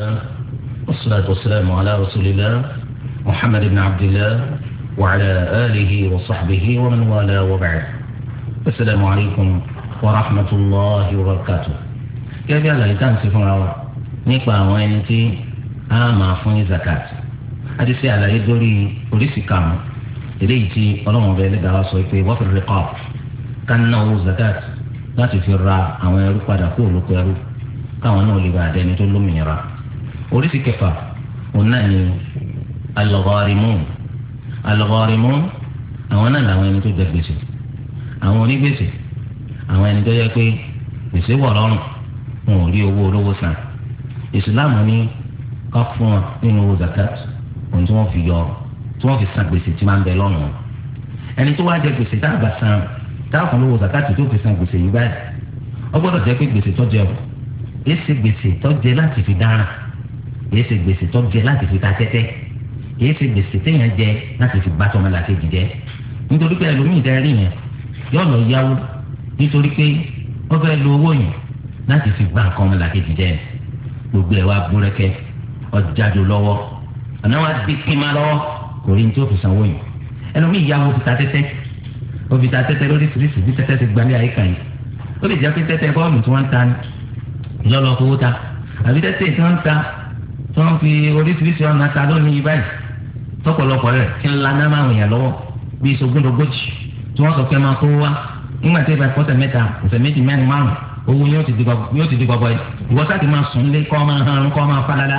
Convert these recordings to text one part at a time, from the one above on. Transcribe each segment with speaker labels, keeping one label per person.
Speaker 1: الله والصلاة والسلام على رسول الله محمد بن عبد الله وعلى آله وصحبه ومن والاه وبعد السلام عليكم ورحمة الله وبركاته يا جل إذا سيفون روا نقبع وين أما فون زكاة هذه سيالة يدوري وليسي كامل eléyìí tí ọlọ́run ọbẹ̀ ẹlẹ́dàá sọ pé wọ́n fi rí kọ́ kánná owó zakat láti fi ra àwọn ẹrú padà kó olóko ẹrú káwọn oríṣi kẹfà òun náà ni alọ́gọ́rìmù alọ́gọ́rìmù àwọn náà làwọn ẹni tó jẹ gbèsè àwọn onígbèsè àwọn ẹni tó yẹ pé gbèsè wọ̀ lọ́rùn wọn ò rí owó olówó san ìsìláàmù ní ká fún wọn nínú owó zakat ohun tí wọ́n fi yọ tí wọ́n fi san gbèsè tí máa ń bẹ lọ́rùn ẹni tó wá jẹ gbèsè tá a bá san tá a fún lówó zakat tó fi san gbèsè yìí báyìí ó gbọ́dọ̀ pé gbèsè tó o èsì gbèsè tó láti fi dára kìí ṣe gbèsè tó jẹ láti fi ta tẹ́tẹ́ kìí ṣe gbèsè téèyàn jẹ láti fi bá tọmọ làkejì jẹ nítorí pé ẹlòmíì dá rí yẹn yóò lọ yáwó nítorí pé ó fẹ́ lo owó yẹn láti fi bá nǹkan ọmọ làkejì jẹ gbogbo ẹ̀ wá búrẹ́kẹ́ ọjàdó lọ́wọ́ ọ̀nà wa di kíma lọ́wọ́ kò rí ní tó fi sanwó yẹn ẹlòmíì yáwó fi ta tẹ́tẹ́ ó fi ta tẹ́tẹ́ lóríṣiríṣi bí tẹ́tẹ́ ti gbalẹ̀ tí wọ́n fi oríṣiríṣi ọ̀nà ta lónìí báyìí tọ́pọ̀lọpọ̀ rẹ̀ ti ń laná máa wọ̀nyàn lọ́wọ́ bíi sogúndogójì tí wọ́n sọ pé máa kó wá nígbà tí ìbá ìkọ́sẹ̀ mẹ́ta ọ̀sẹ̀ méjì mẹ́rin márùn owó yóò ti di gbọgbọ yìí ìwọ sáà ti máa sùn lé kọ́ máa hàn kọ́ máa falala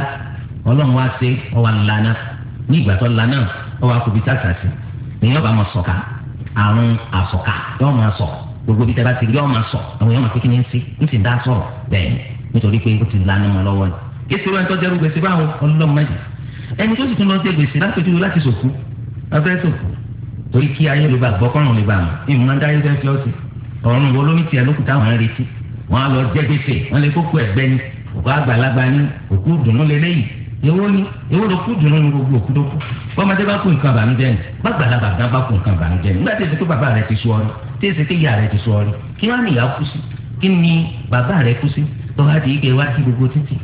Speaker 1: ọlọ́run wá sí ọwà ńlana ní ìgbà tó ńlana ọwà kò bí sàṣàṣì èyí ọba máa sọ̀ka àrùn àsọ̀ka yóò máa gbogbo ti máa àwọn máa sí dá nítorí pé ó ti lana ìṣòro ẹni tó jẹ́rú gbèsè báwọn ọlọ́mọ yìí ẹni tó sì tún lọ sí gbèsè lápẹ̀tù láti sòkú abẹ́ sòkú torí kí ayé ló bá gbọ́ kọ́rùn lè bá wọn ìmọ̀ máa ń dáyé fẹ́ fi ọ́ sí ọ̀run olómi tiẹ̀ lókùn táwọn ń retí wọn á lọ jẹ́ gbèsè wọn lè kókó ẹ̀gbẹ́ ni òkú àgbàlagbà ni òkú dùnú lélẹ́yìn èwo ni èwo ló kú dùnú ní gbogbo òkú tó kú bọ́mọdé bá kú nǹkan bànújẹ́ ni bàgbàlagbà gan bá kú nǹkan bànújẹ́ ni nígbà tí èsì pé bàbá rẹ ti sọ ọrí tí èsì pé ìyá rẹ ti sọ ọrí kí wọ́n á nìyá kú sí kí ni bàbá rẹ kú sí tọ́wádìí ike wá sí gbogbo títì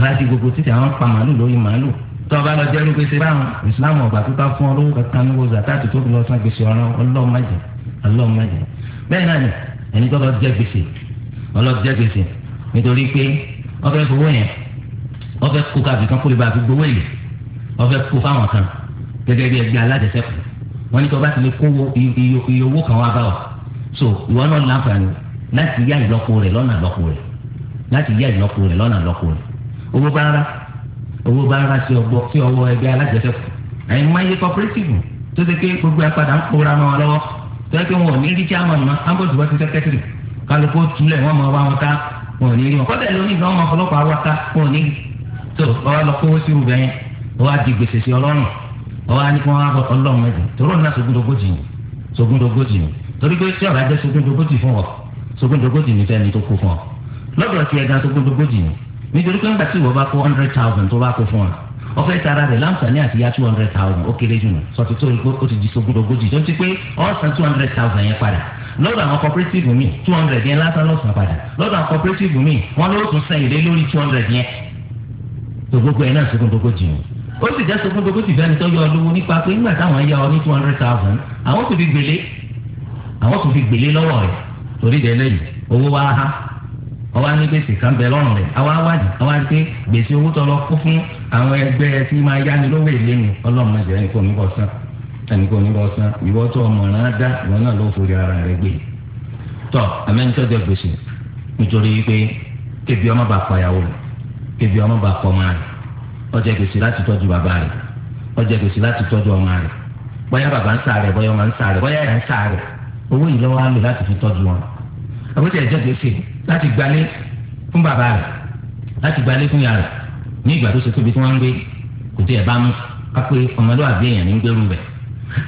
Speaker 1: láti gbogbo títí àwọn pa màálù lórí màálù tó o bá lọ jẹ́rú gbèsè báwọn islam ọ̀gbà tó bá fún ọ lówó kankan ní wọ́n zakati tó fi lọ san gbèsè ọ̀rọ̀ ọlọ́ọ̀májẹ ọlọ́ọ̀májẹ bẹ́ẹ̀ náà ni ẹni tó lọ jẹ gbèsè ọlọ́ jẹ gbèsè nítorí pé ọfẹ́ fowó yẹn ọfẹ́ kó káfí kan kólébà fi gbowó èlé ọfẹ́ kó fáwọn kan gẹ́gẹ́ bí ẹgbẹ́ alájẹsẹ́kù wọ́n ní tó bá ti lè kó iye owó kan wá bá ọ so ìwọ náà láǹfààní láti yá ìlọ́po rẹ̀ lọ́nà àlọ́po rẹ̀ láti yá ìlọ́po rẹ̀ lọ́nà àlọ́po rẹ̀ owó bá rà owó bá rà sí ọgbọ sí ọwọ́ ẹgbẹ́ alájẹsẹkù ẹyin máa yẹ cooperative tó ṣe pé gbogbo apàdà ń kóra mọ́ wọn lọ́wọ́ tó yẹ kí wọn ò ní rí chairman ma ambos bá ti sẹkẹtìrì kálukú tulẹ̀ wọn máa wá wọn ká wọn ò ní rí wọn kọ́tà lónìí gan ọmọ ọlọ́pàá wá ká wọn ò ní rí tó ọwọ́ lọ kówó sí ibùbẹ̀ yẹn ọwọ́ á di gbèsè sí ọlọ́run ọwọ́ á ní kí wọ́n á bọ̀ ni sógúndogójì ni torí pé tí ọ̀rọ̀ ajẹ́ sógúndogójì nítorí pé nígbà tí ìwọ bá kó hundred thousand tó bá kó fún ọ ọfẹ tara rẹ láǹfààní àti ya two hundred thousand ó kéré jù nù sọtí tó o ti di sógun ogójì tó ti pé ọ̀sán two hundred thousand yẹn padà lọ́dọ̀ àwọn cooperative mi two hundred yẹn lásán lọ́sàn padà lọ́dọ̀ àwọn cooperative mi wọ́n ló tún sẹ́yìn lé lórí two hundred yẹn tó gbogbo yẹn náà sógun ogójì nù ó sì já sógun ogójì fẹ́ni tó yọ ọ lówó nípa pé nígbà táwọn ya ọ ní two hundred thousand àwọn tó fi gbélé àwọn tó fi gbélé lọ́wọ́ rẹ̀ torí dẹ́ lẹ́yìn owó wa ha ọwọ́ á ní gbèsè kan bẹ lọ́rùn rẹ̀ àwọn awádìí àwọn àti gbèsè owó tọ́ lọ kó fún àwọn ẹgbẹ́ tí máa yá ni lówó èlé ni ọlọ́run ẹ̀jẹ̀ ẹnì kò ní bọ̀ sán ẹnì kò ní bọ̀ sán ìwọ́ tó ọmọ rẹ̀ á dá ìwọ náà ló forí ara rẹ̀ gbé tọ́ àmẹ́ńtọ́ jẹ gbèsè nítorí pé kébi ọmọ bá pa ìyàwó rẹ̀ kébi ọmọ bá pa ọmọ rẹ̀ ó jẹ gbèsè láti tọ́jú bàbá rẹ̀ ó jẹ gbèsè láti tọ́jú ọmọ rẹ̀ bóyá bàbá ń sàárẹ̀ bóyá ọmọ ń sàárẹ̀ bóyá ẹ̀ ń sàárẹ̀ owó yìí á lò láti fi tọ́jú wọn àbótí ẹ̀jẹ̀ gbèsè láti gbalé fún bàbá rẹ̀ láti gbalé fún yàrá ní ìgbà tó ṣe tóbi tí wọ́n ń gbé kò tí ẹ̀ bá mú kápé ọmọlúwàbí èèyàn ní gbérù bẹ̀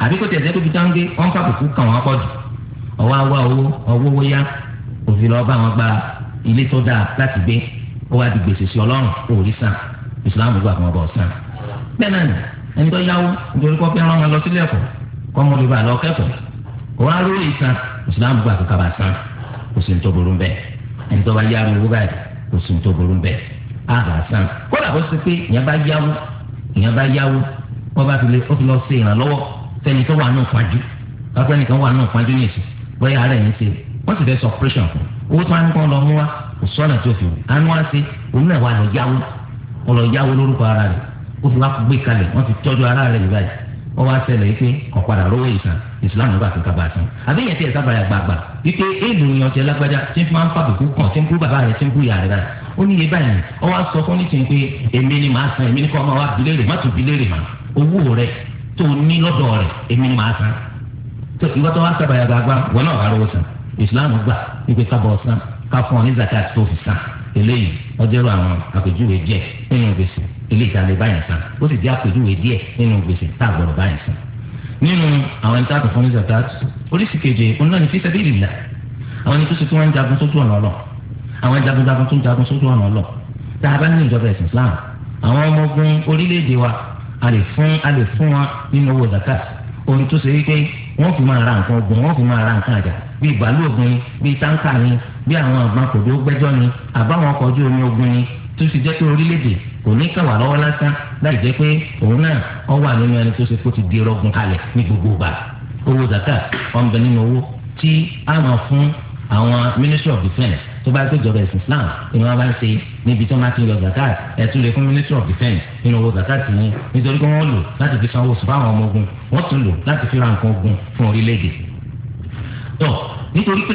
Speaker 1: àbí kò tí ẹ̀jẹ̀ tóbi tí wọ́n ń gbé wọ́n fà kùkú kàn wọ́n pọ̀jù ọwọ́ awá owó ọwọ́ owó yá òfin lọ́ọ́ bá wọn gba ilé tó dáa láti gbé ó wá di gbèsè sí ọlọ́run òòrí sàn ìsìláàmù gbà fún ọba ọ̀sán bẹ́ẹ̀ ẹni tó yáwó nítorí kọ́ fẹ́ràn ọmọ lọ sílé ẹ̀kọ́ kọ́ mọ́ kò sí ní tó burú bẹ́ẹ̀ ẹni tó bá yá mi wú báyìí kò sí ní tó burú bẹ́ẹ̀ á bá san kódà ó sì pé ìyẹn bá yáwó ìyẹn bá yáwó wọ́n bá fi lè ó fi lọ ṣe ìrànlọ́wọ́ sẹ́ni tó wà náà pàjù lọ́pẹ́ nìkan wà náà pàjù ní ìsìn bóyá ara ẹ̀yìn ṣe wọ́n sì fẹ́ sọ operation fún owó tó wá ní kán lọ mú wa kò sọ́nà tó fi àánú wá sí òun náà wà lọ yáwó ọlọ yáwó lórúkọ ara rẹ̀ ó fi wá gbé kalẹ̀ wọ́n ti tọ́jú ike èèlò èèyàn jẹ lágbájá tí n máa ń fàbùkù kàn tí ń bú bàbá rẹ̀ tí ń ìyá rẹ̀ ó ní iye báyìí ọ wá sọ fún nítorí pé èmi ni màá san èmi ni kò máa wá bilé rè ma tún bilé rè má owó rẹ̀ tó ní lọ́dọ̀ rẹ̀ èmi ni màá san tó ìwọ tó wá sábàyà gbàgbà wọn náà wà lówó san Islam gbà wípé kábọ̀ san ká ọ ní zakat tó fi san eléyìí àwọn àpèjúwe nínú àwọn ẹni tá a kò fún ìjàkà oríṣi keje òun náà ní fi sabilillah àwọn ẹni tó ṣe tí wọ́n ń jagun sójú ọ̀nà ọlọ́ àwọn jagunjagun tó ń jagun sójú ọ̀nà ọlọ́ tá a bá ní ìjọba ẹ̀sìn Islam àwọn ọmọ ogun orílẹ̀-èdè wa a lè fún a lè fún wa nínú owó zakat ohun tó ṣe wípé wọ́n fi máa ra nǹkan ogun wọ́n fi máa ra nǹkan àjà bíi bàálù ogun bíi táǹkà ni bíi àwọn àgbọn kòdó gbẹ́jọ́ ni àbáwọn ọkọ̀ ojú omi ogun ni tó fi jẹ́ pé orílẹ̀-èdè kò ní kàwá lọ́wọ́ lásán láì jẹ́ pé òun náà ọ wà nínú ẹni tó ṣe kó ti di rọgùn kalẹ̀ ní gbogbo ìgbà owó zakat wọn bẹ nínú owó tí a máa fún àwọn ministry of defence tó bá gbé ìjọba ẹ̀sìn islam inú wa bá ń ṣe níbi tó máa ti yọ zakat ẹ̀ lè fún ministry of defence inú owó zakat yẹn nítorí pé wọ́n lò láti fi sanwó sùn fáwọn ọmọ ogun wọ́n tún lò láti fi ra nǹkan ogun fún orílẹ̀-èdè. tó nítorí pé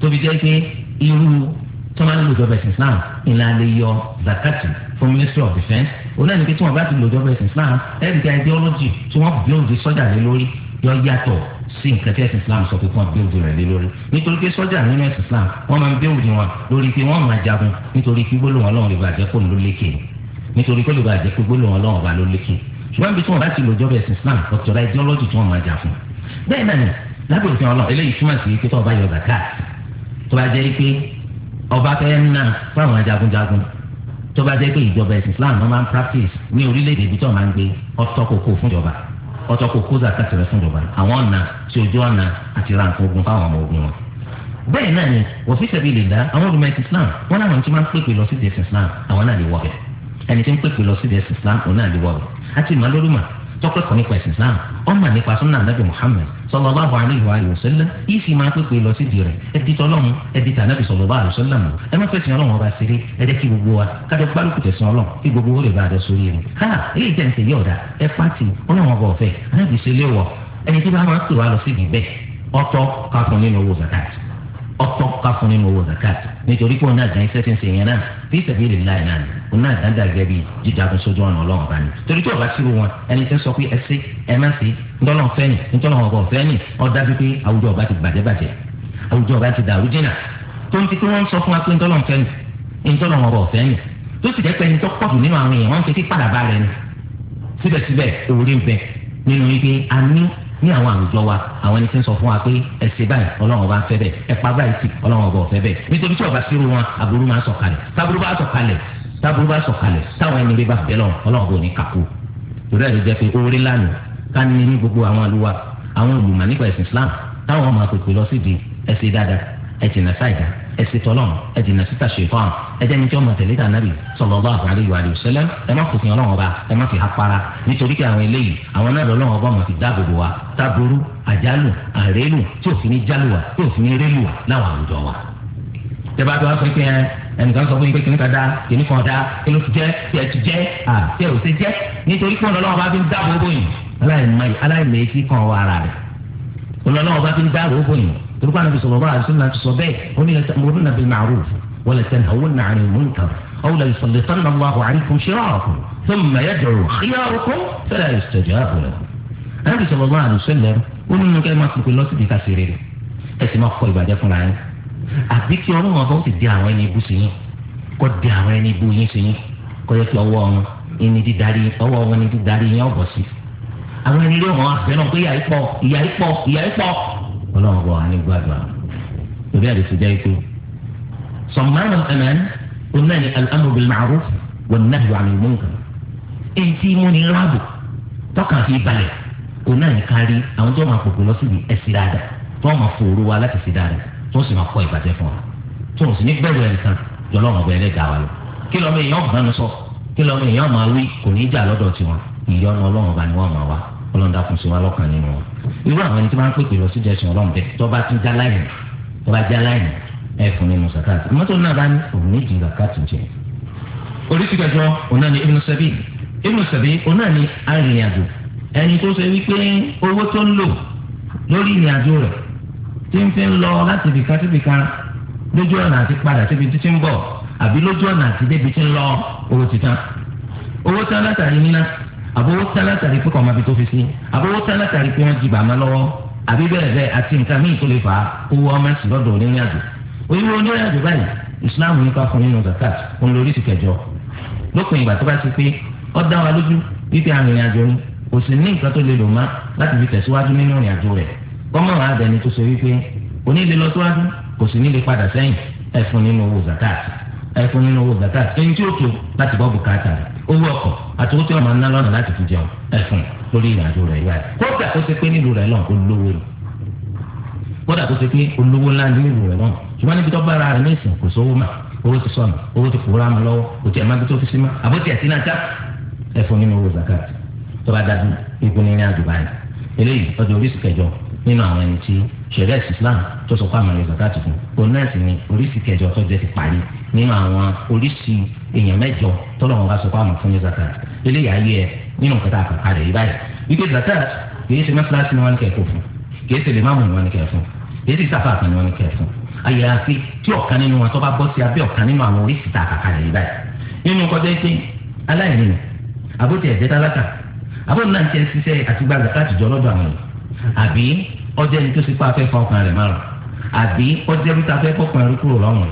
Speaker 1: tóbi jẹ́ pé irú tó máa ń lo ìjọba ẹ̀sìn islam ìlànà yọ zakat fún ministry of defence onáni pé tí wọn bá ti job ọbẹ̀ islam ẹ̀rí ga ideology tí wọ́n bíòǹdì sọ́jà lé lórí yọ yàtọ̀ sí nǹkan tí ẹ̀sìn islam sọ pé kí wọ́n bíòǹdì rẹ̀ lé lórí nítorí pé sọ́jà nínú ẹ̀sìn islam wọ́n máa ń bíòǹdì wọn lórí pé wọ́n máa jagun nítorí pé gbólóhùn ọlọ́run lè bàjẹ́ kó ló lékè nítorí pé lè bàjẹ́ kó gbólóhùn ọlọ́run ọba ló lékè ṣùgbọ́n ibi tí wọ́n bá ti lòdì ọbẹ̀ ẹ̀sìn islam ọ̀tọ̀ ra ideology tí wọ́n máa jà fún bẹ́ẹ̀ náà ni lábẹ́ òfin ọlọ́run eléyìí túmọ̀ sí pé tó bá yọ zakat tó bá jẹ́ pé ọba fẹ́ ń ná fáwọn jagunjagun tó bá jẹ́ pé ìjọba ẹ̀sìn islam ló máa ń practice ní orílẹ̀-èdè ibi tó máa ń gbé ọtọ́ kókó fúnjọba ọtọ́ kókó zakat rẹ̀ fúnjọba àwọn ọ̀nà tí ojú ọ̀nà àti ránkó ogun fáwọn ọmọ ogun wọn. bẹ́ẹ̀ náà ni wọ́n fi ṣẹ̀bi lè dá àwọn olùmọ̀ ẹ̀sìn islam wọn làwọn tí máa ń pèpè lọ sí ẹ̀sìn islam àwọn náà lè wọ̀ bẹ̀ ẹni tí ń pèpè lọ sí ẹ̀sìn islam òun náà lè wọ̀ bẹ̀ àti màlúrùmọ̀ dọ́kítọ̀ nípa ẹ̀sìn islam ọmọ nípa sunna anabi muhammed sallallahu alayhi wa sallam ìfì máa pépè lọ sí di rẹ̀ ẹ̀dí tọ́lọ́mù ẹ̀dí tànàbì sallallahu alayhi wa sallam ẹ má fẹ̀sìn ọlọ́run ọba ṣeré ẹ jẹ́ kí gbogbo wa kájọ gbálùkù tẹ̀sán ọlọ́run kí gbogbo ó lè bá a dẹ sórí ẹni. ha èyí jẹ́ ntẹ̀lé ọ̀dà ẹ pàtì ọlọ́run ọba ọ̀fẹ́ anábìsílẹ̀ wọ ẹni tí bá máa pè wá lọ sí ìbẹ̀ ọ̀tọ̀ káfọ́n nínú owó zakat ọ̀tọ̀ káfún nínú owó zakat nítorí pé òun náà dán iṣẹ́ tí ń ṣe yẹn náà bí ìtàbí ìlú láì náà òun náà dán dàgẹ́ bíi jíjagun sójú ọ̀nà ọlọ́run bá ní. torí tí ọba sírò wọn ẹni tẹ́ sọ pé ẹ ṣe ẹ má ṣe ńtọ́nà fẹ́yìn ńtọ́nà ọ̀gọ̀ fẹ́yìn ó dájú pé àwùjọ ọba ti bàjẹ́ bàjẹ́ àwùjọ ọba ti dàrú jìnà tó ń ti pé wọ́n sọ fún wa pé ńtọ́nà fẹ́yìn ńtọ́nà ọ̀gọ̀ fẹ́yìn tó sì jẹ́ pé ẹni tó pọ̀ jù nínú àwọn èèyàn wọ́n ń fetí padà bá rẹ̀ ni síbẹ̀síbẹ̀ òwúrẹ́ ń bẹ nínú wípé a ní ní àwọn àwùjọ wa àwọn ẹni tí ń sọ fún wa pé ẹsẹ báyìí ọlọ́run ọba ń fẹ́ bẹ́ẹ̀ ẹ̀pá báyìí sì ọlọ́run ọba ò fẹ́ bẹ́ẹ̀ nítorí tí ọba sírú wọn aburú máa sọ̀kalẹ̀ táburú bá sọ̀kalẹ̀ táburú bá sọ̀kalẹ̀ táwọn ẹni rí bá fẹ́ lọ ọlọ́run ọba ò ní kàkó torí ẹ̀rí jẹ́ pé orí lánàá ká ní ní gbogbo àwọn àlùwà àwọn olùmọ̀ nípa ẹ̀sìn Islam táwọn ọmọ àpèpè lọ sídìí ẹ̀sìn dáadáa ẹ̀sìn náà ṣáìdáa ẹ̀sìn tọ́lọ̀ ẹ̀dìnà síta ṣèfọ́n ẹ̀jẹ̀ ní tí wọ́n mọ̀ tẹ̀lé tà nàbì sallallahu alaihi wa sallam ẹ má fòfin ọlọ́wọ́n ọba ẹ má fi ha para nítorí kí àwọn eléyìí àwọn náà lọ́wọ́n ọba mọ̀ fi dáàbò bò wa táború àjálù àrélù tí òfin ní jálù wa tí òfin ní rélù wa láwọn àwùjọ wa. tẹ́bá tó wá fún kí ẹnìkan sọ fún yín pé kìnnìkan dá kìnnìkan dá kìnnìkan jẹ́ tí ẹ ti jẹ́ tí ẹ ò ti jẹ́ nítorí pé ọlọ́wọ́n ọba fi ń dáàbò torí pàánù bisọ̀ bàbá àti sọ́nà ti sọ bẹ́ẹ̀ ó ní ẹ̀tàmúrún nàbí màrúf wọlé tẹ̀ hàwọn nà àrùn múnkà ọ̀hún lè sọ̀lẹ̀ tán náà wàhùn àríkùn ṣíráàkùn tó mẹ́yà dọ̀rọ̀ xíyàrùkùn fẹ́rẹ̀ ìṣẹ̀jẹ̀ àbúrò. àná bisọ̀ bàbá àti sọ́nà ó ní nǹkan máa pèpè lọ síbi káṣí rere ẹ sì máa kọ ìbàjẹ́ fúnra yín àbí kí ọlọ́run ọba ó ti di àwọn ẹni ibú sí yín kó di àwọn ẹni ibú yín sí yín kó yẹ kí ọwọ́ wọn ẹni dídarí ọwọ́ wọn ẹni dídarí yín ọ̀bọ̀ sí àwọn ẹni ilé wọn àbẹ̀rẹ̀ pé ìyá ipọ̀ ìyá ipọ̀ ìyá ipọ̀ ọlọ́run bọ̀ wá ní gbàgbà torí àdé ti jẹ́ ikú. sọ̀mọ́nà ẹ̀mẹ́n onáni al-amru bil ma'ruf wan-nahyu 'anil munkar èyí tí mo ní ráàbù tọ́kàn fi balẹ̀ onáni kárí àwọn tó máa kókó lọ síbi ẹ̀sìn dáadáa tó máa fòrò wa láti ṣe dáadáa tó sì máa kọ ìbàjẹ́ fún wa tó sì ní gbẹ̀rù ẹ̀nìkan lọ́lọ́run ọ̀bẹ ẹlẹ́dàá wa lọ kí lọ́mọ èèyàn bá nu sọ kí lọ́mọ èèyàn máa wí kò ní í jà lọ́dọ̀ tiwọn ìyọnu ọlọ́run ọba ni wọ́n máa wá ọlọ́run dákun sí lọ́kàn nínú wọn. irú àwọn ẹni tí wọ́n á pèpè lọ sí jẹ́sìn ọlọ́run bẹ́ẹ̀ tó tún já láyìn tó já láyìn fún nínú sàkáàtì mọ́tò náà bá ní òun ni ibnu sẹbi ibnu sẹbi òun ni arìnrìnàjò ẹni tó ṣe wípé owó tó ń lò lórí ìrìnàjò rẹ̀ tí ń fi ń lọ láti ibìkan sí ibìkan lójú ọ̀nà àti padà síbi ti ń bọ̀ àbí lójú ọ̀nà àti débi ti àbówó tán látàrí pé kọ́ ọmọ ibi tó fi sí àbówó tán látàrí pé wọ́n jí bàmá lọ́wọ́ àbí bẹ́ẹ̀ bẹ́ẹ̀ àti nǹkan míì tó lè fà á owó ọmọ ẹ̀sìn lọ́dọ̀ onírìn àjò onírìn onírìn àjò báyìí Islam ní ká fún nínú zakat òun lórí ti kẹjọ lópin ìgbà tó bá ti pé ó dá wa lójú wípé arìnrìn àjò ni kò sì ní nǹkan tó lè lò má láti fi tẹ̀síwájú nínú ìrìn àjò rẹ̀ kọ́mọ̀ wà dẹni tó ṣe wípé onílé lọ síwájú kò sì nílé padà sẹ́yìn ẹ fún nínú owó zakat ẹ fún nínú owó zakat ẹni tí ó tó owó ọkọ̀ àti owó tí wọ́n máa ná lọ́nà láti fi jẹun ẹ̀fọn lórí ìrìnàjò rẹ̀ yára kódà tó ṣe pé nílùú rẹ̀ náà olówó ni kódà tó ṣe pé olówó ńlá nílùú rẹ̀ náà ṣùgbọ́n níbi tó bára rẹ̀ nísìn kò sówó mà owó ti sọnù owó ti kúrò àmì lọ́wọ́ kò tiẹ̀ máa tó fi sí ma àbótí àti náà ká ẹ̀fọn nínú owó zakat tó bá dájú ikú ní ìrìnàjò báyìí eléyìí ọjọ́ oríṣi kẹjọ nínú àwọn ẹni tí ṣẹ̀ríà Islam tó sọ pé àwọn ẹni zakat fún òun ni oríṣi kẹjọ tó jẹ ti parí nínú àwọn oríṣi èèyàn mẹ́jọ tó lọ́wọ́ bá sọ pé àwọn fún ní zakat eléyìí ayé ẹ nínú nǹkan tá a kàn yìí báyìí zakat kìí ṣe mẹ́sàlásì ni wọ́n ní kẹ́ kó fún kìí ṣe lèmáàmù ni wọ́n ní kẹ́ fún kìí ṣe sáfà kan ni wọ́n ní kẹ́ fún àyàfi tí ọ̀kan nínú wọn tó bá bọ́ sí abẹ́ ọ̀kan nínú àwọn oríṣi tá a kàn kalẹ̀ yìí báyìí nínú kọjá àbí ọjọ́ ẹni tó ti pa afẹ́fọ́ ọkàn rẹ̀ márùn àbí ọjọ́ ẹni tó afẹ́fọ́ ọkàn rẹ̀ kúrò lọ́rùn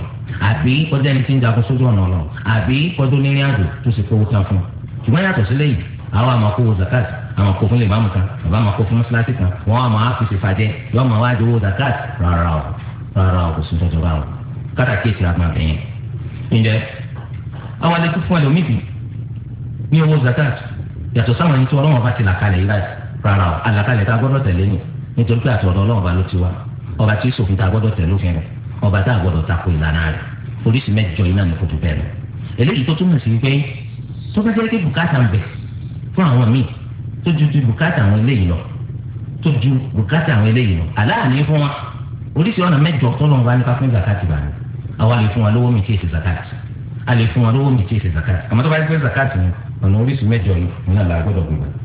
Speaker 1: àbí ọjọ́ ẹni tí ń jagun sójú ọ̀nà ọ̀nà àbí tó sì kówó tán fún un ṣùgbọ́n yàtọ̀ àwọn zakat lè kan bàbá kan wọ́n àmọ́ àfìsì fàjẹ́ zakat rárá o rárá o kò sí rárá o kátà kéèsì yẹn. ǹjẹ́ àwọn alẹ́ tó fún ní owó zakat rárá o àlàkalẹ̀ tá a gbọ́dọ̀ tẹ̀lé ni nítorí pé àtọ̀dọ̀ ọlọ́run ọba ló ti wá ọba tí sòfin tá a gbọ́dọ̀ tẹ̀lé òfin rẹ̀ ọba tá a gbọ́dọ̀ tako ìlànà rẹ̀ oríṣi mẹ́jọ iná ni kò tó bẹ̀rẹ̀ eléyìí tó túmọ̀ sí pé tó bá jẹ́ pé bùkátà ń bẹ fún àwọn míì tó ju ju bùkátà àwọn eléyìí lọ tó ju bùkátà àwọn eléyìí lọ aláàní fún wa oríṣi ọ̀nà mẹ́jọ tó lọ́wọ́ bá nípa fún zakati bá ní àwa lè fún wa lówó mi tí zakati a lè fún wa lówó mi tí èsì zakati àmọ́ tó bá jẹ́ pé zakati ọ̀nà oríṣi mẹ́jọ yìí ní àlàgbọ́dọ̀ gbogbo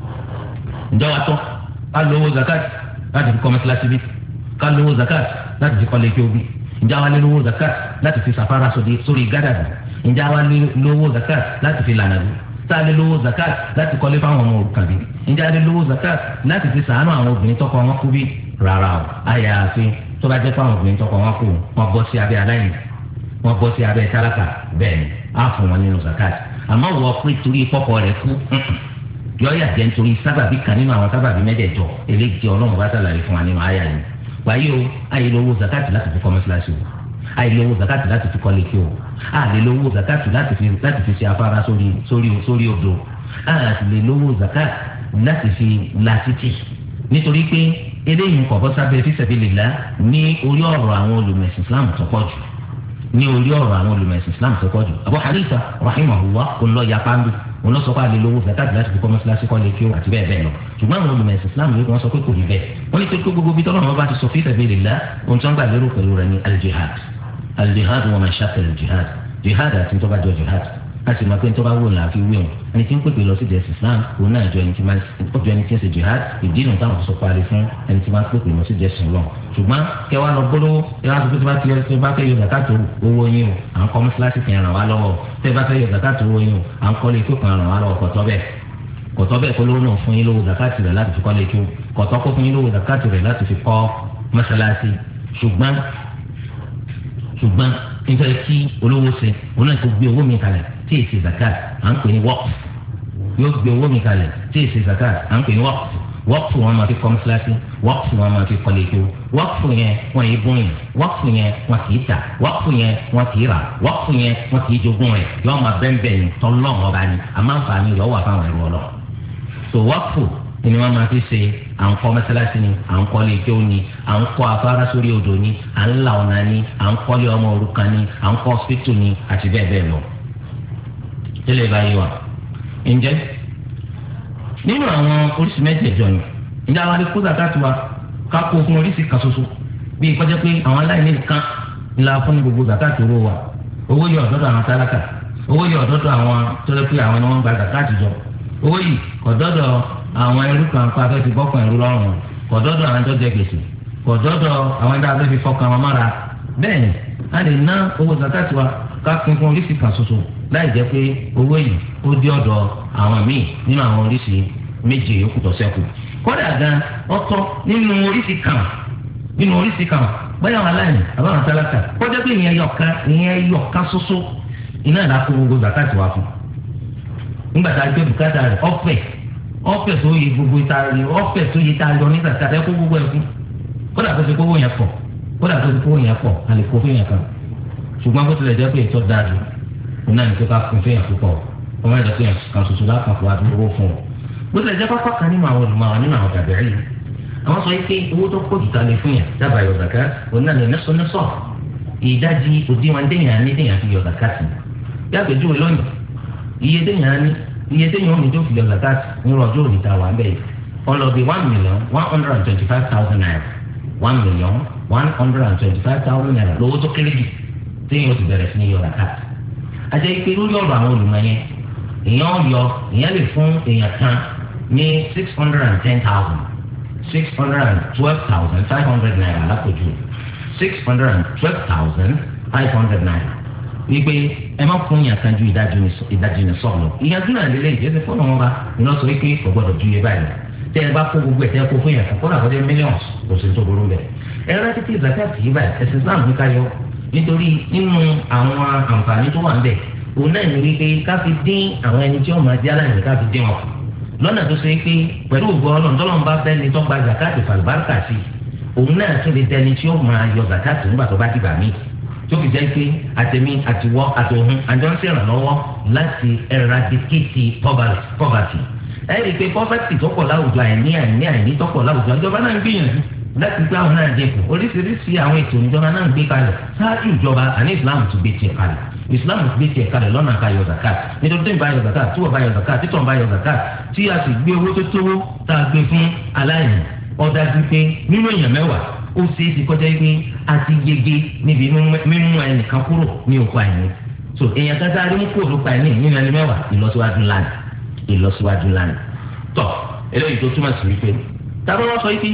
Speaker 1: ǹjẹ́ wa tọ́ ká lówó zakat láti fi kọ́ mẹ́tíláṣí bí ká lówó zakat láti fi kọ́ lẹ́kẹ́ obi ǹjẹ́ wa lé lówó zakat láti fi sàfárà sórí gádà bí ǹjẹ́ wa lé lówó zakat láti fi lànà bí tá a lè lówó zakat láti kọ́lé fáwọn ọmọ òrukàn bí ǹjẹ́ a lè lówó zakat láti fi sàánú àwọn obìnrin tọkọ wọn kú bí rárá o àyàfi tó bá fáwọn obìnrin tọkọ wọn kú wọn bọ́ sí abẹ́ aláìní wọn bọ́ sí abẹ́ tálákà bẹ́ẹ̀ ni á wọn nínú zakat àmọ́ wọ́n torí kọ́kọ́ rẹ̀ kú yọ̀ọ́yà jẹ́ nítorí sábàbí kan nínú àwọn sábàbí mẹ́jẹ̀ẹ̀jọ eléyìí tí ọlọ́run bá sàlàyé fún wa nínú àyà yìí wáyé o àìlówó zakati láti fi kọ́ mọ́ṣáláṣí o àìlówó zakati láti fi kọ́ lẹ́kẹ́ o àìlówó zakati láti fi láti fi ṣe afárá sórí sórí sórí odò àìlówó zakati láti fi la títì nítorí pé eléyìí kọ̀ bọ́ sábẹ́ fisabilillah ní orí ọ̀rọ̀ àwọn olùmẹ̀sìn Islam tó pọ̀ jù ní orí ọ̀rọ̀ àwọn olùmẹ̀sìn Islam tó pọ̀ jù Abu Hanifa rahimahullah kò lọ yapa ń bì wọn lọ sọ pé àlè lówó zakat láti fi kọ́ mọ́sálásí kọ́ lè kí o àti bẹ́ẹ̀ bẹ́ẹ̀ lọ ṣùgbọ́n àwọn olùmọ̀ ẹ̀sìn Islam yìí wọ́n sọ pé kò rí bẹ́ẹ̀ wọ́n ní pé gbogbo bí tọ́lọ́mọ bá ti sọ fí sabilillah ohun tó ń gbà lérò pẹ̀lú rẹ̀ ní aljihad aljihad wọn máa ṣàtẹ̀lẹ̀ jihad jihad àti tó jihad a sì máa pé ní tó bá wò láàfi wí wọn ẹni tí ń pèpè lọ sí ìdẹ́sì islam òun náà jọ ẹni tí máa jọ ẹni tí ń ṣe jihad ìdí ìnù táwọn sọ parí fún ẹni tí máa pèpè lọ sí ìdẹ́sì lọ ṣùgbọ́n kẹ wá lọ gbólówó ẹ wá sọ pé tí bá ti yọ sí bá fẹ́ yọ zaka tó owó yín o à ń kọ́ mọ́sálásí kan ràn wá lọ́wọ́ tẹ bá fẹ́ yọ zaka tó owó yín o à ń kọ́lé ikú kan ràn wá lọ́wọ́ kọ̀tọ́ bẹ́ẹ̀ kọ̀tọ́ bẹ́ẹ̀ kó lówó náà fún yín lówó zakati rẹ̀ láti fi kọ́lé ikú kọ̀tọ́ kó fún yín lówó zakati rẹ̀ láti fi kọ́ mọ́sálásí ṣùgbọ́n ṣùgbọ́n nítorí kí olówó ṣe òun náà ti gbé owó mi kalẹ̀ tí èsì zakat à ń pè ní wọ́ọ̀kù yóò gbé owó mi kalẹ̀ tí èsì zakat à ń pè ní wọ́ọ̀kù wọ́ọ̀kù wọn máa fi kọ́ mọ́sálásí wọ́ọ̀kù wọn máa fi kọ́ lẹ́jọ́ wọ́ọ̀kù yẹn wọ́n yìí bóyin wọ́ọ̀kù yẹn wọ́n kì í tà wọ́ọ̀kù yẹn wọ́n kì í rà wọ́ọ̀kù yẹn wọ́n kì í jogún rẹ̀ yọ́ọ́ máa bẹ́ẹ̀nbẹ́ẹ̀ ni tọ́lọ́ọ̀ ọba ni àmàǹfààní rẹ̀ wà fáwọn ẹ̀rọ ọlọ́ so wọ́ọ̀kù ni wọ́n máa fi ṣe à ń kọ́ mọ́sálásí ni à ń kọ́lé ijó ni à ń kọ́ afárá sórí odò ni à ń la ọ̀nà ni à ń kọ́lé ọmọ òrukàn ni à ń kọ́ hospital ni àti bẹ́ẹ̀ bẹ́ẹ̀ lọ. tẹlẹ bá yé wa ǹjẹ nínú àwọn oríṣi mẹ́tẹ̀ẹ̀jọ ni ǹjẹ́ àwọn alẹ́ kó zakati wa ká kó fún oríṣi kan ṣoṣo bíi kọjá pé àwọn aláìní ńlá fún gbogbo zakati owó wa owó yìí ọ̀dọ́dọ̀ àwọn tálákà owó yìí ọ̀dọ́dọ̀ àwọn tọ́lẹ́ pé àwọn ni wọ́n gba owó yìí ọ̀dọ́dọ̀ àwọn àwọn jẹ gbèsè kọ̀dọ́dọ̀ àwọn láì jẹ́ pé owó yìí ó dé ọ̀dọ̀ àwọn míì nínú àwọn oríṣi méje yòókù tó ṣẹ́kù kódà gan orisi nínú oríṣi kan nínú oríṣi kan bẹ́ẹ̀ àwọn aláìní àbáwọn tálákà kọjá pé ìyẹn yọ̀ọ̀kan ìyẹn yọ̀ọ̀kan ṣoṣo iná ìlà kó gbogbo zakati wá a gbé ọ̀fẹ́ ọ̀fẹ́ tó yẹ gbogbo ìta rẹ̀ ọ̀fẹ́ tó yẹ ìta yọ gbogbo ẹ̀kú kódà tó ti kówó yẹn pọ̀ kódà tó ti kówó yẹn pọ̀ àlè kó yẹn kan ṣùgbọ́n òun náà ní pé ká pín fún yàn púpọ̀ wọn máa ń dàpọ̀ yàn kan ṣoṣo lápapọ̀ àdúgbò fún ọ. bó tilẹ̀ jẹ́ pápá kan nínú àwọn olùmọ̀ràn nínú àwọn gàbẹ̀rẹ̀ yìí àwọn sọ pé owó tó pọ̀ jùlọ lè fún yàn dábàá yọ zàká òun náà lè nẹ́sọ̀ nẹ́sọ̀ ìdajì òdiwọ̀n déyàn ní déyàn fi yọ zàká sí i yàgbẹ́jọ́ lónìí iye déyàn ní iye téèyàn omi one million one hundred twenty five thousand naira one million one hundred twenty five thousand naira lówó tó kéré jù téèyàn ti àti pé lórí ọ̀rọ̀ àwọn olùmọ̀yẹn èèyàn yọ èèyàn lè fún èèyàn kan ní six hundred and ten thousand six hundred and twelve thousand five hundred naira lápòjù six hundred and twelve thousand five hundred naira wípé ẹ má fún èèyàn kan ju ìdajì ní sọ̀rọ̀ ìyànjú náà lélẹ̀ ìjẹ́sẹ̀ fọ́nà wọn bá iná sọ wípé kò gbọ́dọ̀ ju iye báyìí tẹ ẹ bá kó gbogbo ẹ tẹ kó fún èèyàn kan kó làwọn jẹ mílíọ̀nù kò sí tó burú bẹ́ẹ̀ ẹ rántí tí zakat yìí báyìí ẹ̀sìn Islam ní ká yọ nítorí nínú àwọn àǹfààní tó wà ń bẹ̀ òun náà ní wípé ká fi dín àwọn ẹni tí ó máa jẹ́ aláìní ká fi dín wọn lọ́nà tó ṣe pé pẹ̀lú ògbọ́ ọlọ́ọ̀dọ́lọ́n bá fẹ́ ni tó gba zakati falbarka sí òun náà tún lè dẹni tí ó máa yọ zakati nígbà tó bá dìgbà míì tó fi jẹ́ pé àtẹ̀mí àtiwọ́ àtòhun àjọ ń láti eradicate poverty ẹ pé poverty tọ́pọ̀ láwùjọ àìní àìní àìní tọ́pọ̀ láwùjọ ìjọba náà ń gbìyànjú láti gbé àwọn náà dẹ́kun oríṣiríṣi àwọn ètò ìjọba náà ń gbé kalẹ̀ ṣáájú ìjọba àní islam ti gbé tiẹ̀ kalẹ̀ islam gbé tiẹ̀ kalẹ̀ lọ́nà ká yọ zakat nítorí tóyìn bá yọ zakat tíwọ̀ bá yọ zakat títọ̀ bá yọ zakat tí a sì gbé owó tó tówó tá a gbé fún aláìní ọ̀dájú pé nínú èèyàn mẹ́wàá ó ṣeé ti kọjá pé a ti yege níbi mímú ẹnìkan kúrò ní òkú àìní so èèyàn kan sáré mú kúrò lópa ẹni nínú ẹni mẹ́wàá ìlọsíwájú lánà ìlọsíwájú lánà tọ eléyìí tó túmọ̀ sí wípé tábọ́ wọ́n sọ yìí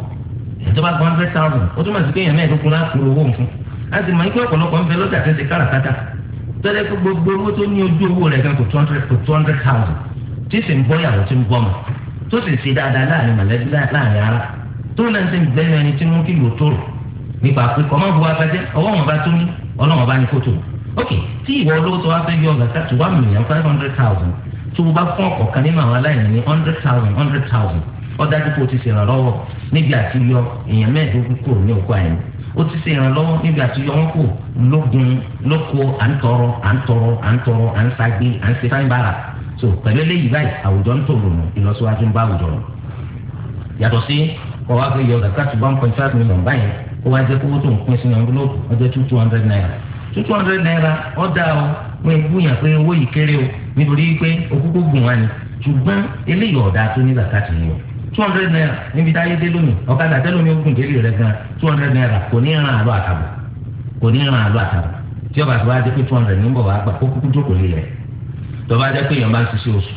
Speaker 1: ìjọba gba one hundred thousand ó túmọ̀ sí pé èèyàn mẹ́ẹ̀ẹ́dógún láti ro owó fún a sì mọ̀ ikú ọ̀pọ̀lọpọ̀ ń bẹ lọ́jà tó ṣe káràkátà tọ́lẹ̀ pé gbogbo owó tó ní ojú owó rẹ̀ gan kò two hundred kò two hundred thousand tí sì ń bọ́ ìyàwó tí ń bọ́ mọ̀ tó sì ṣe dáadáa láàrin mọ̀lẹ́bí láàrin ara tó náà ṣe ń gbẹ́nu ẹni tí wọ́n kí lò tó rò nípa pé kọ́ bu afẹ́fẹ́ ok tí ìwọ olówó tó wá fẹ́ yọ ọ̀gá sátú one million five hundred thousand tó o bá fún ọkọ̀ ọdájú kò ti ṣèrànlọ́wọ́ níbi àti yọ èèyàn mẹ́ẹ̀ẹ́dógún kò ní òkú àyìn ó ti ṣe ìrànlọ́wọ́ níbi àti yọ wọn kù lógun lóko à ń tọrọ à ń tọrọ à ń tọrọ à ń ṣagbe à ń ṣe fáńbàrà so pẹ̀lú eléyìí báyìí àwùjọ ń tòrò nù ìlọsíwájú ń bá àwùjọ nù. yàtọ̀ sí kọ́ wá fẹ́ yọ zakat one point five million báyìí kó wá jẹ́ kówó tó ń pín sínú envelope ọjọ́ two two hundred naira two hundred naira ọ̀ dá o wọ́n ebú yàn pé owó yìí kéré o nítorí pé okúkú gùn wá ni ṣùgbọ́n eléyìí ọ̀dà tó ní zakat yìí two hundred naira níbi táyé dé lónìí ọ̀kadà tẹ́lómi ogun délé rẹ̀ gan two hundred naira kò ní ìran àlọ́ àtàbọ̀ kò ní ìran àlọ́ àtàbọ̀ tí ọba tó bá dé pé two hundred níbọ̀ wá gbà kó kúkú jókòó lé rẹ̀ tó bá dé pé èèyàn bá ń ṣiṣẹ́ oṣù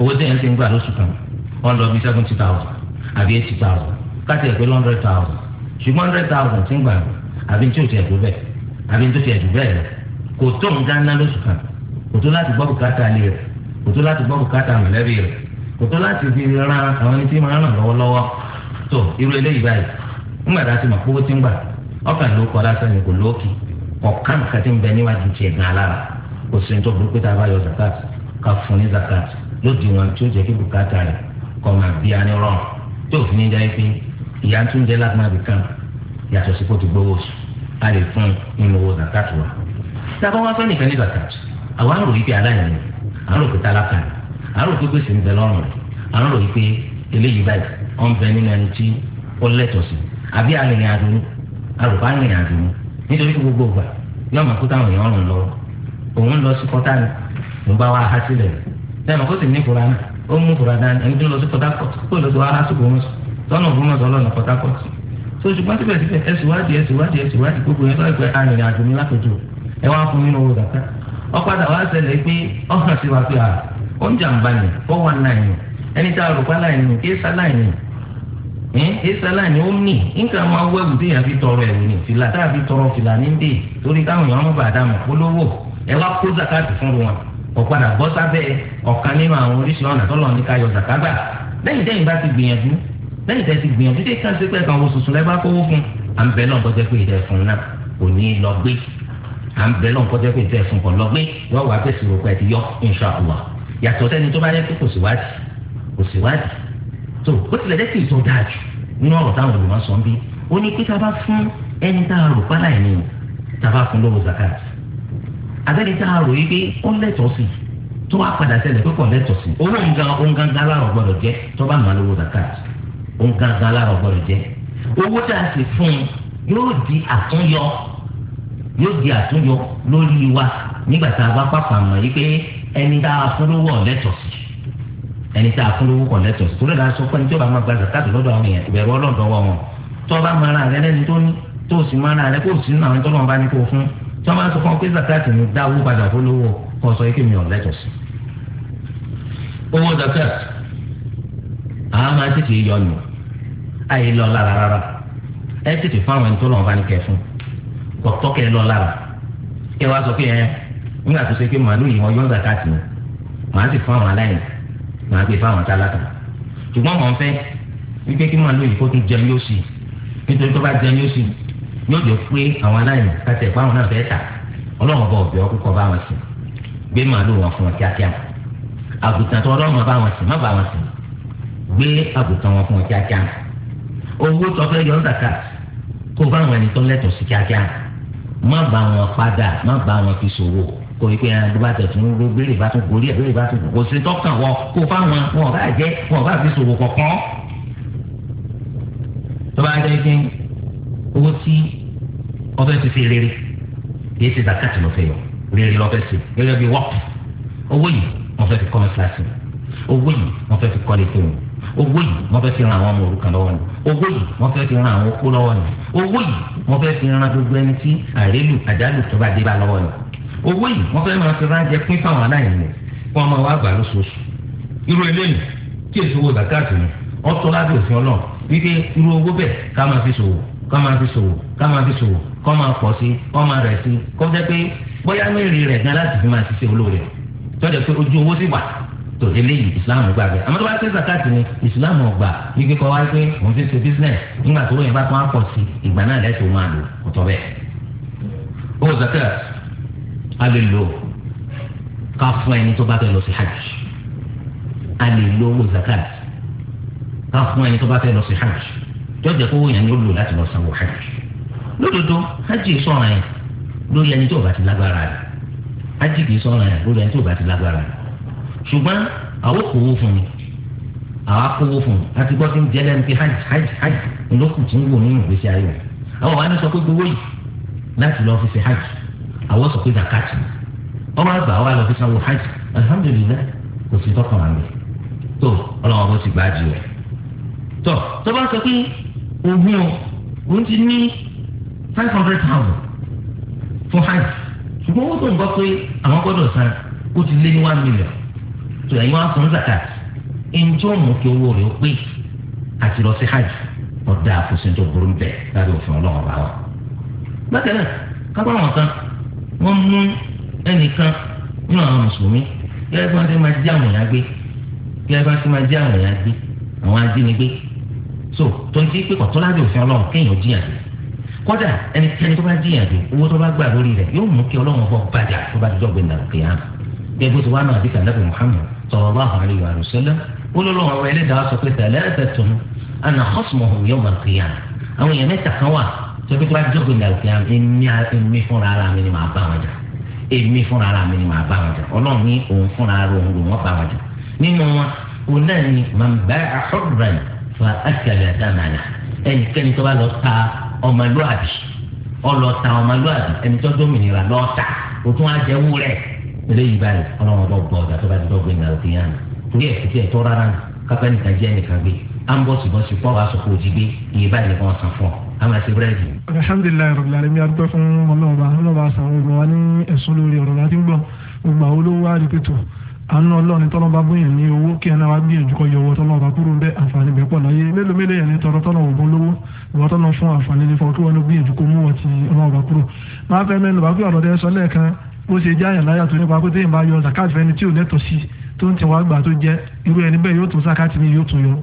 Speaker 1: owó tẹ̀ ń ti ń gbà lóṣù kan wọ́n lọ bí seventy thousand àbí eighty thousand káàtì ẹ̀pẹ́ hundred thousand ṣùgbọ́n hundred thousand ti ń gbà àbí tí ò ti ẹ̀dùn bẹ́ẹ̀ àbí tó ti ẹ̀dùn bẹ́ẹ̀ kò tó ń dáná lóṣù kan kò tó láti gbọ́ bùkátà lé rẹ̀ kò tó láti gbọ́ bùkátà mọ̀lẹ́bí rẹ̀ kò lati láti fi ran àwọn ẹni tí máa ń ràn lọ́wọ́ tó irú eléyìí báyìí ńgbà tá a ti mọ̀ pé owó ti ń gbà ọkàn ló kọ́ lásán ní kò lóòkì ọ̀kan kan ti ń bẹ níwájú tiẹ̀ gan alára kò sí burúkú tá a bá yọ zakat ká fún ní zakat lóde wọn tí ó jẹ́ kí bùkátà rẹ̀ máa bí a ní rọrùn tó fi ní pé ìyá kan yàtọ̀ sí kó ti sùn a lè fún nínú owó àárò tó gbèsè ń bẹ lọ́rùn rẹ̀ àwọn ròyìn pé eléyìí báyìí wọ́n bẹ nínú ẹni tí ó lẹ́tọ̀ọ́ sí àbí arìnrìn àdùn ní àdùn nítorí gbogbo ìgbà yóò máa kó táwọn èèyàn rùn lọ òun lọ sí kọ́tà ni òun bá wá há sílẹ̀ lẹ́nu kó sì ní ìfura náà ó mú ìfura dání ẹni tó lọ sí kó lọ sí wàhálà sí tọ́nà ó ń jàǹbá ni four one nine ẹni tá a rò pálá ẹni kí ẹ sálà ẹni ẹ sálà ẹni ó mì nǹkan máa wọ ẹwù téèyàn fi tọrọ ẹwù ni fìlà tá a fi tọrọ fìlà ní dè torí káwọn èèyàn ń bà dà mọ polówó ẹ wá kó zakati fún wọn ọ̀padà bọ́ sábẹ́ ọ̀kan nínú àwọn oríṣi ọ̀nà tọ́lọ̀ ní ká yọ zakaba lẹ́yìn tẹ́yìn bá ti gbìyànjú lẹ́yìn tẹ́yìn ti gbìyànjú tẹ́yìn kan sí pé ẹ̀kan wo sùsùn lẹ́gbàá kówó fún à ń bẹ̀ lọ́n kọjá pé ìdẹ fún náà kò ní lọ gbé à ń bẹ̀ lọ́n kọjá pé ìdẹ fún kò lọ gbé yàtọ̀ sẹ́ni tó bá yẹ kó kò sí wádìí kò sí wádìí tó ó tilẹ̀ dẹ́kun ìtọ́ dáa jù nínú ọ̀rọ̀ táwọn olùmọ̀ sọ ń bí ó ní pé tá a bá fún ẹni tá a rò pálá ẹ̀ nìyẹn tá a bá fún lówó zakat abẹ́ni tá a rò yí pé ó lẹ́tọ̀ọ́ sí tó wá padà sẹ́lẹ̀ pé kò lẹ́tọ̀ọ́ sí owó nǹkan ongangan aláàrọ̀ gbọ́dọ̀ jẹ́ tó bá mọ̀ lówó zakat ongangan aláàrọ̀ gbọ́dọ̀ jẹ́ owó tá a sì fún yóò di àtúnyọ yóò di àtúnyọ lórí wa nígbà tá a bá pàpà mọ̀ yí pé ẹni tá a fún lówó ọ̀lẹ́tọ̀ sí ẹni tá a fún lówó torí ìlànà sọ pé ní tí bá máa gba zakatu lọ́dọ̀ àwọn èèyàn ìbẹ̀rù ọlọ́dọ̀ wọn wọn tó bá máa ra rẹ lẹ́ni tó ní tó sì máa ra rẹ kó fún sọ fún ọ pé ní dá owó padà nígbà tó ṣe pé màálù yìí wọn yọ ọgbà káàtì ni màá sì fún àwọn aláìní màá gbé fún àwọn tálákà ṣùgbọ́n mò ń fẹ́ wípé kí màálù yìí kó tún jẹun yóò sì nítorí tó bá jẹun yóò sì yóò jẹ pé àwọn aláìní káàtì ẹ̀kọ́ àwọn náà fẹ́ tà ọlọ́run bọ̀ ọ̀bẹ ọkọ̀ bá wọn sìn gbé màálù wọn fún wọn kíákíá àgùntàn tó ọlọ́run bá wọn sìn má bá wọn sìn gbé àgùntàn wọn fún wọn kíákíá kò yí pé ẹ ah, ẹ bá tẹ̀sùn béèrè bá tún gorí ẹ béèrè bá tún kò sí tọ́kàn wọ kó fáwọn wọn bá jẹ wọn bá fi ṣòwò kọ̀ọ̀kan. tó bá dé pé owó tí ọbẹ̀ ti fi rere kìí ṣe zakati lọ́fẹ̀ yọ rere lọ́fẹ̀ sí gẹ́gẹ́ bí wọ́pù owó yìí wọ́n fẹ́ fi kọ́ mẹ́sàlásì owó yìí wọ́n fẹ́ fi kọ́ lè tó wọn owó yìí wọ́n fẹ́ fi ran àwọn ọmọ òrukàn lọ́wọ́ ni owó yìí wọ́n fẹ́ fi ran àwọn okó lọ́wọ́ ni owó yìí wọ́n fẹ́ fi ran gbogbo ẹni tí àrélù àjálù tó bá dé bá lọ́wọ́ ni owó yìí wọ́n fẹ́ẹ́ máa fi ránṣẹ́ pín fáwọn aláìní kó wọn máa wá gbà lóṣooṣù irú eléyìí kí èso wo zakat mi ọtọ lábẹ́ òfin Ọlọ́run wípé irú owó bẹ́ẹ̀ ká máa fi ṣòwò ká máa fi ṣòwò ká máa fi ṣòwò kó máa pọ̀ sí kó máa rẹ̀ sí kó jẹ́ pé bóyá mẹ́rin rẹ̀ gan láti fi máa ṣiṣẹ́ olóore tọ́jà pé ojú owó sì wà tó eléyìí islam gbà bẹ àmọ́ tó bá ṣe zakat ni islam ọgbà wípé kọ́ wáyé pé òun ti ṣe business nígbà tó lóyún bá tún á pọ̀ sí ìgbà náà lẹ́sẹ̀ òun máa lò kò bẹ́ẹ̀. ó zakat a lè lò ká fún ẹni tó bá fẹ́ lọ sí hajj a lè lo owó zakat ká fún ẹni tó bá fẹ́ lọ sí hajj jọjọ kó owó yẹn ni ó lò láti lọ sanwó hajj lódodo hajj sọ̀ràn yẹn lórí ẹni tó bá ti lágbára rẹ̀ hajj kì í sọ̀ràn yẹn lórí ẹni tó bá ti lágbára rẹ̀ ṣùgbọ́n àwọn kò wó fún mi àwọn akówó fún mi àti gbọ́ fi ń jẹ́ lẹ́nu pé hajj hajj hajj ló kù tí ń wò nínú ìgbésí ayé rẹ̀ àwọn wa ni sọ pé gbowó yìí láti lọ fi ṣe hajj àwọn sọ pé zakat ọmọ àgbà wa lọ fi sanwó hajj alhamdulilayi kò sí tọkàn àmì tó ọlọ́wọ́n bó ti gbá jù rẹ̀ tó tó bá sọ pé òun o òun ti ní five hundred thousand for hajj ṣùgbọ́n owó tó ń bọ́ pé àwọn gbọ́dọ̀ san ó ti lé ní one million tó ẹ̀yin wá fún zakat ẹni tó mú kí owó rẹ̀ ó pé àti lọ sí hajj ọ̀dà àfọ̀sẹ̀ tó burú bẹ̀ lábẹ́ òfin ọlọ́wọ́n bá wà. bákan kápá àwọn kan wọ́n mú ẹnìkan nínú àwọn mùsùlùmí gẹ́gẹ́ bí wọ́n ti máa jí àwọn èèyàn gbé gẹ́gẹ́ bí ti máa jí àwọn èèyàn àwọn ajínigbé so tó ń jí pé kọ̀tọ́ lábẹ́ òfin ọlọ́run kéèyàn jiyàn gbé kódà ẹnikẹ́ni tó bá jiyàn gbé owó tó bá gbà lórí rẹ̀ yóò mú kí ọlọ́run bàjá tó bá náà tóbi bá jókòó ìdàgbé àmì èmi fúnra ara mi ni màá bá wọn jà èmi fúnra ara mi ni màá bá wọn jà ọlọ́run ní òun fúnra ara òun lòun bá wọn jà nínú wọn òun náà ni màá bá àhọ́rùn fa àkàlẹ̀ àdánàlà ẹnikẹ́ni tó bá lọ ta ọmọlúàbí ọlọ́ta ọmọlúàbí ẹni tó dómìnira lọ́ọ̀ta o tún á jẹ́ wúrẹ́ eléyìí báyìí ọlọ́run bọ̀ bọ̀ ọ̀gá tó bá ti dọ́gbé ìdàgbé yàn torí ẹ̀kútẹ́ ẹ̀tọ́ a máa ṣe búrẹ́dì. alhamdulilayi rabbil alamin a dúpẹ́ fún ọlọ́ọ̀bá ọlọ́ọ̀bá sàwọn wa ní ẹ̀sùn lórí ọ̀rọ̀ láti gbọ́ gbogbo àwọn olówó àdìpẹ̀tọ̀ àánú ọlọ́ọ̀ni tọ́lọ́ba bóyá ní owó kí ẹ̀ná wa gbìyànjú kọ́ yọ owó tọ́lọ́ba kúrò ń bẹ́ àǹfààní bẹ́ẹ̀ pọ̀ láyé mélòó mélòó yẹn ní tọrọ tọ́lọ́ ògùn lówó ìwọ tọ́lọ́ fún àǹfààní ní fọ́ kí wọ́n ní gbìyànjú kó mú ọtí ọlọ́ọ̀ba kúrò. máa fẹ́ mẹ́nu bá pé ọ̀rọ̀ sọ lẹ́ẹ̀kan bó ṣe jáyàn láyà tó nípa pé téèyàn bá yọ zakat fẹ́ni tí ò lẹ́tọ̀ọ́ sí tó ń tẹ̀wá gbà tó jẹ́ irú ẹni bẹ́ẹ̀ yóò tún zakat mi yóò tún yọ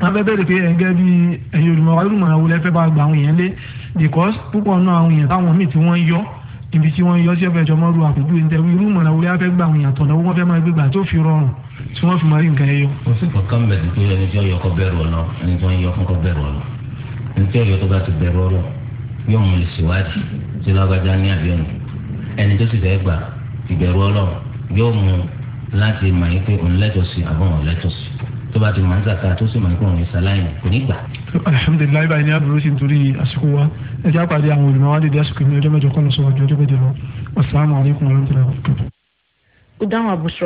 Speaker 1: abẹ́ bẹ̀rẹ̀ pé ẹ̀gẹ́ bí ẹ̀yẹ olùmọ̀wá olùmọ̀ àwọn olẹ́fẹ́ bá gba àwọn èèyàn lé because púpọ̀ náà àwọn èèyàn táwọn míì tí wọ́n ń yọ ibi tí wọ́n ń yọ sí ẹ̀fẹ́ ìjọmọ́ ru àpèjú ìtẹ̀ irú mọ̀nà olẹ́ afẹ́ gba àwọn èèyàn tọ̀nà wọ́n fẹ́ máa gbégbà tó fi rọrùn tí wọ́n fi máa rí nǹkan ẹyọ. kò sí kankan bẹ̀rẹ̀ pé ẹni tí ó yọ kó bẹ̀rù ọ̀nà ẹni tí ó yọ kó bẹ̀rù ọ̀nà ẹni tí ó yọ tó bá ti bẹ̀rù ọ̀nà yóò mú lè ṣèwádìí tí lágbájá ní àbíọ̀nù ẹni tó sì fẹ́ gbà ìbẹ̀rù ọ̀nà yóò mú láti mọ̀ yín pé òun lẹ́tọ̀ọ́sí àbọ̀n ọ̀lẹ́tọ̀ọ́sí tó bá ti mọ̀ nígbàkà tó sì mọ̀ nípa òun ìsàlàyé kò ní gbà. alhamdulilayi báyìí ní àbúrò sí nítorí àsìkò wa ẹ jẹ́ àpàdé àwọn olùmọ̀ wá dédé àsìkò ní ọjọ́ mẹ́jọ kọ́ lọ́sọ̀rọ̀ ọjọ́ mẹ́jọ lọ wàsálàmù alaykum wa rahmatulahi wa barakatuh.